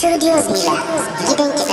トゥーデューズには駅弁機